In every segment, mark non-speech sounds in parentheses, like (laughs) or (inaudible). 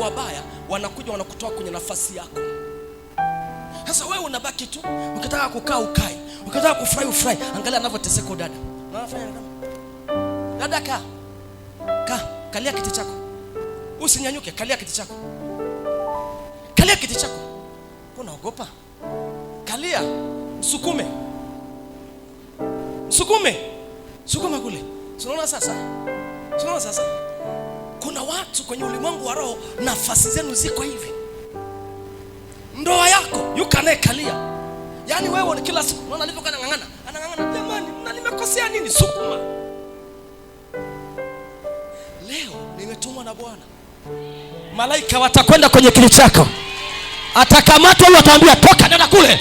watu wabaya wanakuja wanakutoa kwenye nafasi yako. Sasa wewe unabaki tu, ukitaka kukaa ukae, ukitaka kufurahi ufurahi. Angalia anavyoteseka dada. dada, kaa ka kalia kiti chako, usinyanyuke, kalia kiti chako, kalia kiti chako. Unaogopa? Kalia, msukume, msukume, sukuma kule. sunaona sasa, sunaona sasa watu kwenye ulimwengu wa roho, nafasi zenu ziko hivi. Ndoa yako yuko anayekalia, yaani wewe ni kila siku unaona alivyokuwa anang'ang'ana, anang'ang'ana, jamani, na nimekosea nini? Sukuma leo, nimetumwa na Bwana, malaika watakwenda kwenye kiti chako, atakamata huyo, ataambia toka, nenda kule,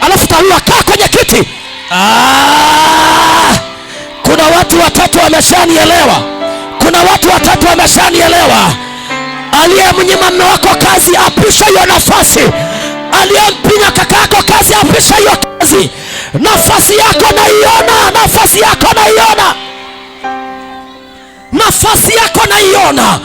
alafu taua, kaa kwenye kiti. Ah, kuna watu watatu wameshanielewa kuna watu watatu wameshanielewa. Aliyemnyima mme wako kazi apisha hiyo nafasi, aliyempinya kaka yako kazi apisha hiyo kazi. Nafasi yako naiona, nafasi yako naiona, nafasi yako naiona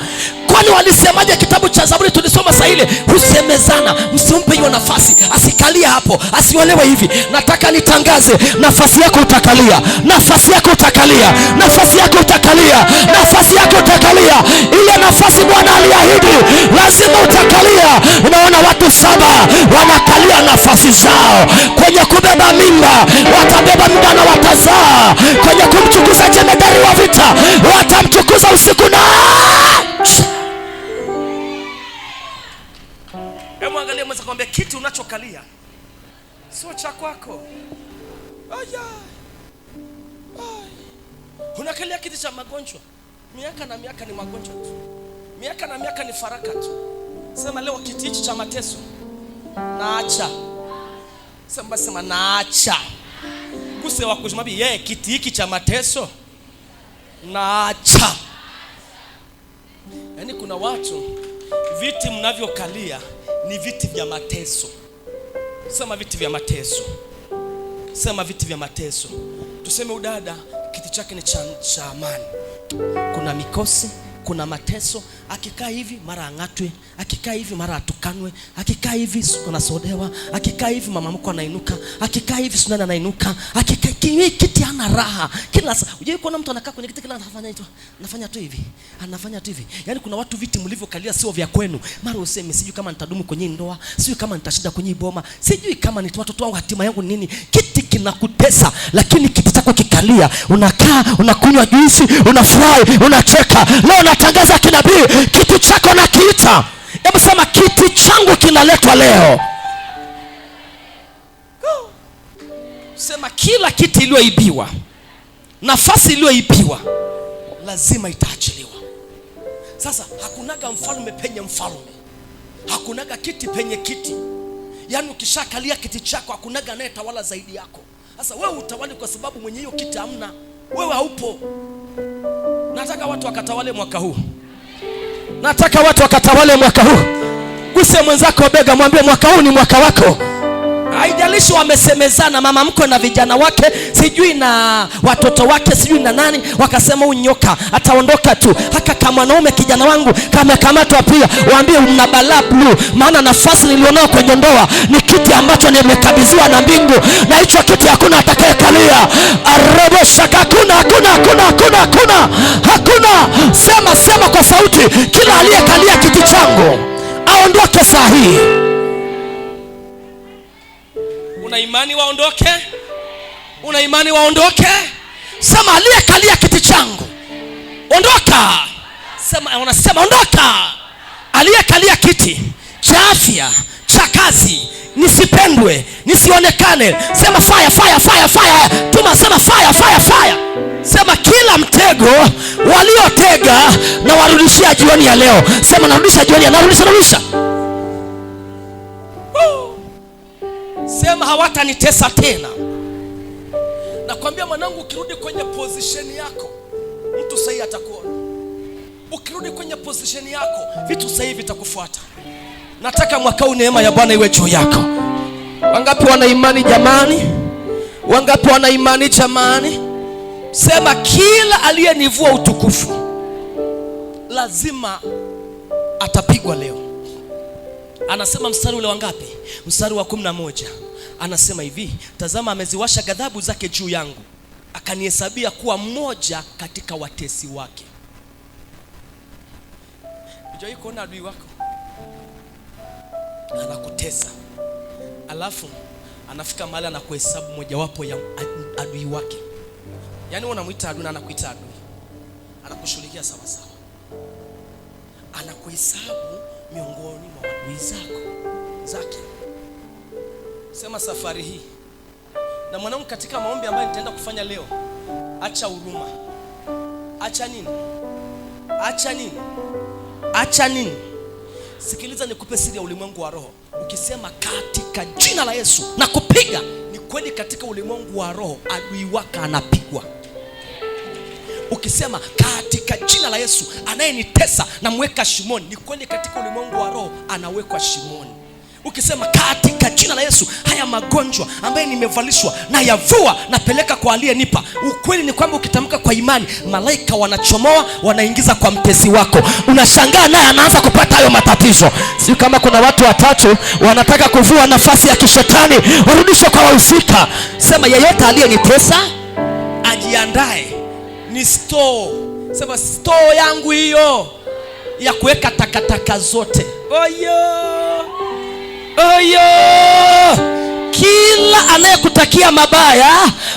kwani walisemaje? Kitabu cha Zaburi tulisoma saa ile, husemezana, msimpe hiyo nafasi, asikalia hapo, asiolewe hivi. Nataka nitangaze, nafasi yako utakalia, nafasi yako utakalia, nafasi yako utakalia, nafasi yako utakalia. Ile nafasi Bwana aliahidi lazima utakalia. Unaona watu saba wanakalia nafasi zao kwenye kubeba mimba, watabeba mimba na watazaa. Kwenye kumchukuza jemedari wa vita, watamchukuza usiku na mwangalie mweza kumwambia kiti unachokalia sio cha kwako. Unakalia kiti cha magonjwa, miaka na miaka ni magonjwa tu, miaka na miaka ni faraka tu. Sema leo kiti hichi cha mateso naacha, sema sema naacha guse wa kujimabi yeye, kiti hiki cha mateso naacha. Yaani kuna watu viti mnavyokalia ni viti vya mateso. Sema viti vya mateso, sema viti vya mateso. Tuseme udada kiti chake ni cha amani, kuna mikosi kuna mateso. Akikaa hivi mara ang'atwe, akikaa hivi mara atukanwe, akikaa hivi anasodewa, akikaa hivi mama mko anainuka, akikaa hivi sunana anainuka, akikaa kiti, kiti hana raha kila saa. Unajua kuna mtu anakaa kwenye kiti kila anafanya tu anafanya tu hivi anafanya tu hivi. Yaani kuna watu viti mlivyokalia sio vya kwenu, mara useme sijui kama nitadumu kwenye ndoa, sijui kama nitashinda kwenye boma, sijui kama ni watoto wangu hatima yangu nini. Kiti kinakutesa, lakini kiti chako kikalia, unakaa unakunywa juisi, unafurahi, unacheka. Leo natangaza kinabii, kiti chako nakiita. Hebu sema kiti changu kinaletwa leo. Sema kila kiti iliyoibiwa, nafasi iliyoibiwa lazima itaachiliwa. Sasa hakunaga mfalme penye mfalme, hakunaga kiti penye kiti. Yaani ukishakalia kiti chako hakunaga anayetawala zaidi yako. Sasa wewe utawali kwa sababu mwenye hiyo kiti hamna, wewe haupo. Nataka watu wakatawale mwaka huu, nataka watu wakatawale mwaka huu. Guse mwenzako bega, mwambie mwaka huu ni mwaka wako haijalishi wamesemezana, mama mkwe na vijana wake, sijui na watoto wake, sijui na nani, wakasema huyu nyoka ataondoka tu. Haka kama mwanaume kijana wangu kamekamatwa, pia waambie una balaa bluu, maana nafasi nilionao kwenye ndoa ni kiti ambacho nimekabidhiwa na mbingu, na hicho kiti hakuna atakayekalia. Areboshaka, hakuna hakuna hakuna hakuna hakuna hakuna. Sema sema kwa sauti, kila aliyekalia kiti changu aondoke saa hii. Una imani waondoke? Una imani waondoke? Sema aliyekalia kiti changu ondoka. Sema, unasema ondoka, aliyekalia kiti cha afya cha kazi, nisipendwe, nisionekane. Sema fire, fire, fire, fire. Tuma, sema fire, fire, fire. Sema kila mtego waliotega na warudishia jioni ya leo. Sema narudisha jioni, narudisha, narudisha sema hawatanitesa tena. Nakwambia mwanangu, ukirudi kwenye position yako mtu sahihi atakuona. Ukirudi kwenye position yako vitu sahihi vitakufuata. Nataka mwaka huu neema ya Bwana iwe juu yako. Wangapi wana imani jamani? Wangapi wana imani jamani? Sema, kila aliyenivua utukufu lazima atapigwa leo. Anasema mstari ule wangapi? Mstari wa kumi na moja anasema hivi, tazama, ameziwasha ghadhabu zake juu yangu, akanihesabia kuwa mmoja katika watesi wake. Hujawahi kuona adui wako anakutesa alafu anafika mahali anakuhesabu mojawapo ya adui wake, yaani unamwita adui na anakuita adui, anakushughulikia sawa sawa, anakuhesabu miongoni mwa adui zako zake sema safari hii na mwanangu, katika maombi ambayo nitaenda kufanya leo, acha huruma, acha nini, acha nini, acha nini. Sikiliza, nikupe siri ya ulimwengu wa roho. Ukisema katika jina la Yesu na kupiga, ni kweli. Katika ulimwengu wa roho adui wako anapigwa. Ukisema katika jina la Yesu, anayenitesa namweka shimoni, ni kweli. Katika ulimwengu wa roho anawekwa shimoni ukisema katika jina la Yesu, haya magonjwa ambayo nimevalishwa na yavua, napeleka kwa aliyenipa. Ukweli ni kwamba ukitamka kwa imani, malaika wanachomoa, wanaingiza kwa mtesi wako, unashangaa naye anaanza kupata hayo matatizo. Sio kama kuna watu watatu wanataka kuvua nafasi ya kishetani, urudishe kwa wahusika. Sema yeyote aliyenitesa ajiandae, ni store. Sema store yangu hiyo ya kuweka takataka zote. Oyo. anayekutakia mabaya,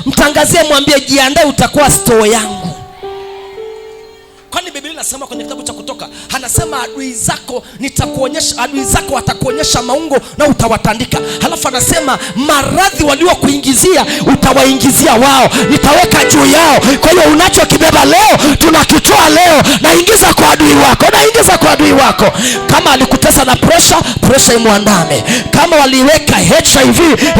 mtangazie, mwambie, jiandae, utakuwa stoo yangu anasema kwenye kitabu cha Kutoka, anasema adui zako nitakuonyesha, adui zako watakuonyesha maungo na utawatandika. Halafu anasema maradhi waliokuingizia utawaingizia wao, nitaweka juu yao. Kwa hiyo unachokibeba leo tunakitoa leo, naingiza kwa adui wako, naingiza kwa adui wako. Kama alikutesa na presha, presha imwandame. Kama waliweka HIV,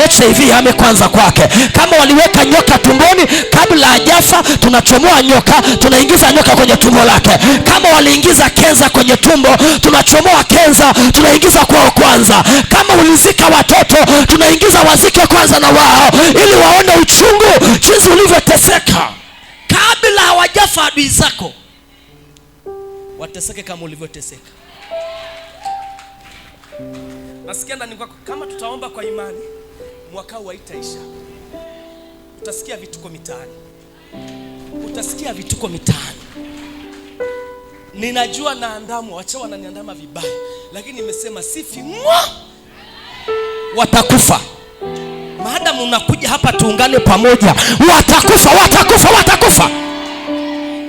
HIV ame kwanza kwake. Kama waliweka nyoka tumboni, kabla hajafa tunachomoa nyoka, tunaingiza nyoka kwenye tumbo lake. Kama waliingiza kenza kwenye tumbo, tunachomoa kenza, tunaingiza kwao kwanza. Kama ulizika watoto, tunaingiza wazike kwanza na wao, ili waone uchungu jinsi ulivyoteseka. Kabla hawajafa adui zako wateseke kama ulivyoteseka. Nasikia ndani kwako, kama tutaomba kwa imani, mwaka huu haitaisha. Utasikia vituko mitaani, utasikia vituko mitaani ninajua naandamwa, wacha wananiandama vibaya, lakini nimesema sifi mwa watakufa. Maadamu unakuja hapa tuungane pamoja, watakufa, watakufa, watakufa.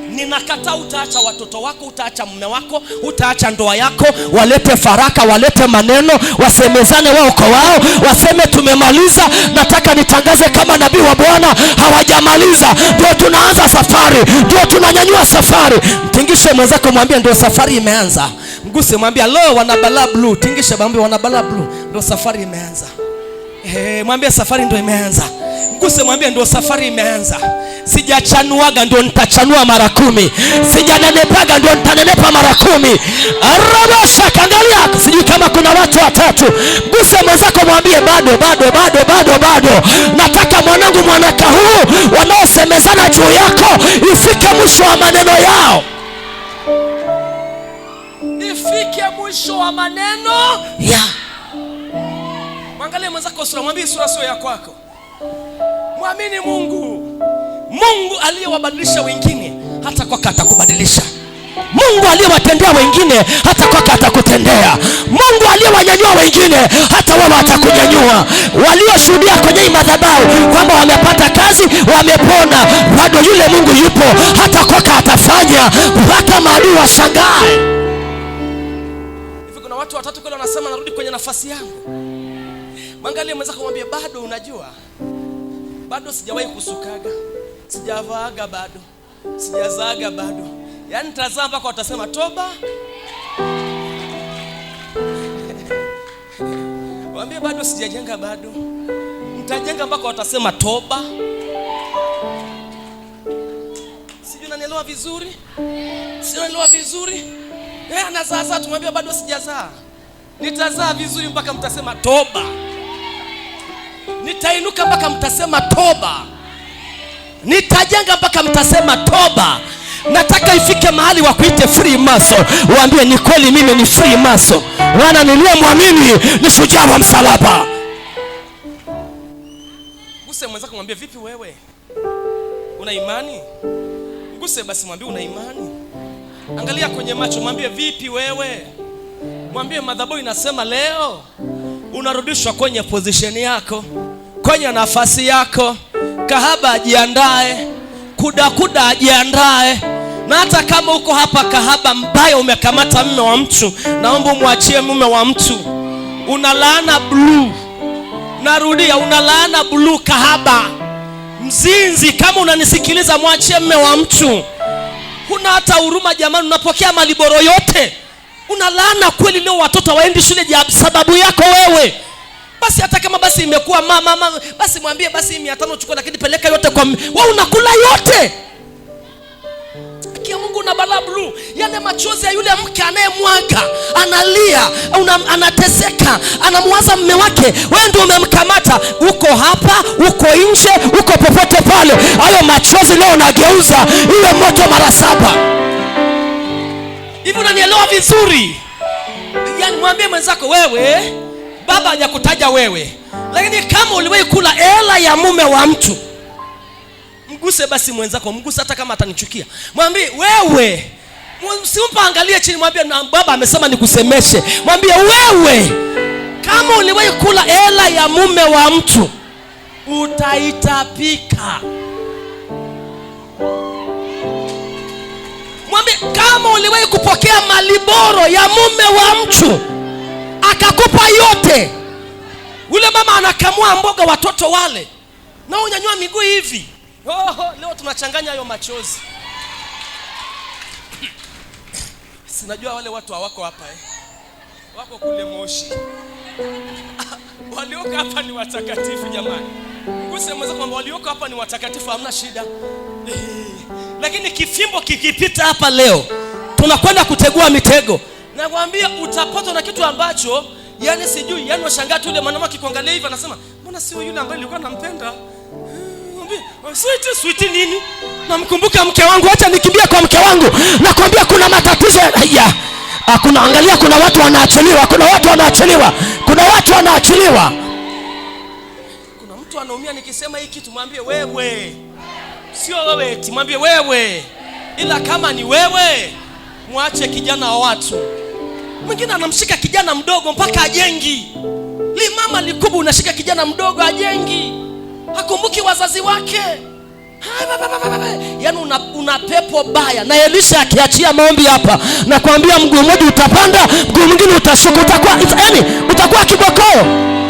Ninakataa, utaacha watoto wako, utaacha mume wako, utaacha ndoa yako. Walete faraka, walete maneno, wasemezane wao kwa wao, waseme tumemaliza. Nataka nitangaze kama nabii wa Bwana, hawajamaliza. Ndio tunaanza safari, ndio tunanyanyua safari. Mtingishe mwenzako, mwambie ndio safari imeanza. Mguse, mwambie lo, wana bluu. Tingishe mwambie wana bluu, ndio safari imeanza. Hey, eh, mwambie safari ndo imeanza. Mguse mwambie ndio safari imeanza. Sijachanuaga ndio nitachanua mara kumi. Sijanenepaga ndio nitanenepa mara kumi. Arabasha kangalia, sijui kama kuna watu watatu. Mguse mwenzako mwambie bado bado bado bado bado. Nataka mwanangu, mwanaka huu wanaosemezana juu yako ifike mwisho wa maneno yao. Ifike mwisho wa maneno ya yeah. Mwangalie mwenzako sura, mwambie sura sio ya kwako. Mwamini Mungu. Mungu aliyewabadilisha wengine hata kwako atakubadilisha. Mungu aliyewatendea wengine hata kwako atakutendea. Mungu aliyewanyanyua wengine hata wao atakunyanyua. Walioshuhudia kwenye hii madhabahu kwamba wamepata kazi, wamepona, bado yule Mungu yupo, hata kwako atafanya mpaka maadui washangae. Hivi kuna watu watatu kule wanasema narudi kwenye nafasi yangu. Mwangalie mwenzako mwambie, bado unajua, bado sijawahi kusukaga, sijavaaga bado, sijazaaga bado. Yaani tazama mpaka watasema toba. (laughs) Waambie bado sijajenga bado, nitajenga mpaka watasema toba. Sijui unanielewa vizuri, sijui unanielewa vizuri. Eh, anazaa saa, tumwambia bado sijazaa, nitazaa vizuri mpaka mtasema toba nitainuka mpaka mtasema toba, nitajenga mpaka mtasema toba. Nataka ifike mahali wakuite free maso, waambie ni kweli, mimi ni free maso, niliye mwamini ni shujaa wa msalaba. Mguse mwenzako, mwambie vipi, wewe una imani? Mguse basi, mwambie una imani. Angalia kwenye macho, mwambie vipi wewe, mwambie madhabahu inasema leo unarudishwa kwenye pozisheni yako kwenye nafasi yako. Kahaba ajiandae, kudakuda ajiandae, na hata kama uko hapa kahaba mbaya, umekamata mume wa mtu, naomba umwachie mume wa mtu. Unalaana bluu, narudia, unalaana bluu, kahaba, mzinzi. Kama unanisikiliza, mwachie mume wa mtu. Huna hata huruma jamani, unapokea maliboro yote. Unalaana kweli. Leo watoto waendi shule sababu yako wewe. Basi hata kama basi imekuwa mama mama, basi mwambie basi mia tano chukua, lakini peleka yote kwa wewe, unakula yote ya Mungu na bala bluu, yale machozi ya yule mke anayemwaga, analia, una, anateseka, anamwaza mume wake. Wewe ndio umemkamata, uko hapa, uko nje, uko popote pale. Hayo machozi leo unageuza iwe moto mara saba hivi. Unanielewa vizuri? Yani mwambie mwenzako wewe baba hajakutaja wewe, lakini kama uliwahi kula hela ya mume wa mtu, mguse basi mwenzako, mguse hata kama atanichukia, mwambie wewe Simpa, angalie chini, mwambie baba amesema nikusemeshe. Mwambie wewe, kama uliwahi kula hela ya mume wa mtu utaitapika. Mwambie kama uliwahi kupokea maliboro ya mume wa mtu akakupa yote. Ule mama anakamua mboga watoto wale, na unyanyua miguu hivi. Oh, leo tunachanganya hayo machozi. (clears throat) Sinajua wale watu hawako hapa eh. Wako kule Moshi. (laughs) Walioko hapa ni watakatifu jamani, kusemweza kwamba walioko hapa ni watakatifu, hamna shida eh, Lakini kifimbo kikipita hapa leo tunakwenda kutegua mitego. Nakwambia utapatwa na kitu ambacho yani sijui, yani washangaa tu yule mwanamke akikuangalia hivi anasema mbona sio yule ambaye nilikuwa nampenda. Ah, sweet sweet nini? Namkumbuka mke wangu, acha nikimbia kwa mke wangu. Nakwambia kuna matatizo ya ah, kuna angalia, kuna watu wanaachiliwa, kuna watu wanaachiliwa, kuna watu wanaachiliwa. Kuna mtu anaumia, nikisema hii kitu mwambie wewe, sio wewe, timwambie wewe, ila kama ni wewe, mwache kijana wa watu mwingine anamshika kijana mdogo mpaka ajengi. Li mama likubwa, unashika kijana mdogo ajengi, hakumbuki wazazi wake. Yaani una, una pepo baya. Na Elisha akiachia maombi hapa, nakwambia mguu mmoja utapanda, mguu mwingine utashuka, utakuwa yaani utakuwa kibokoo.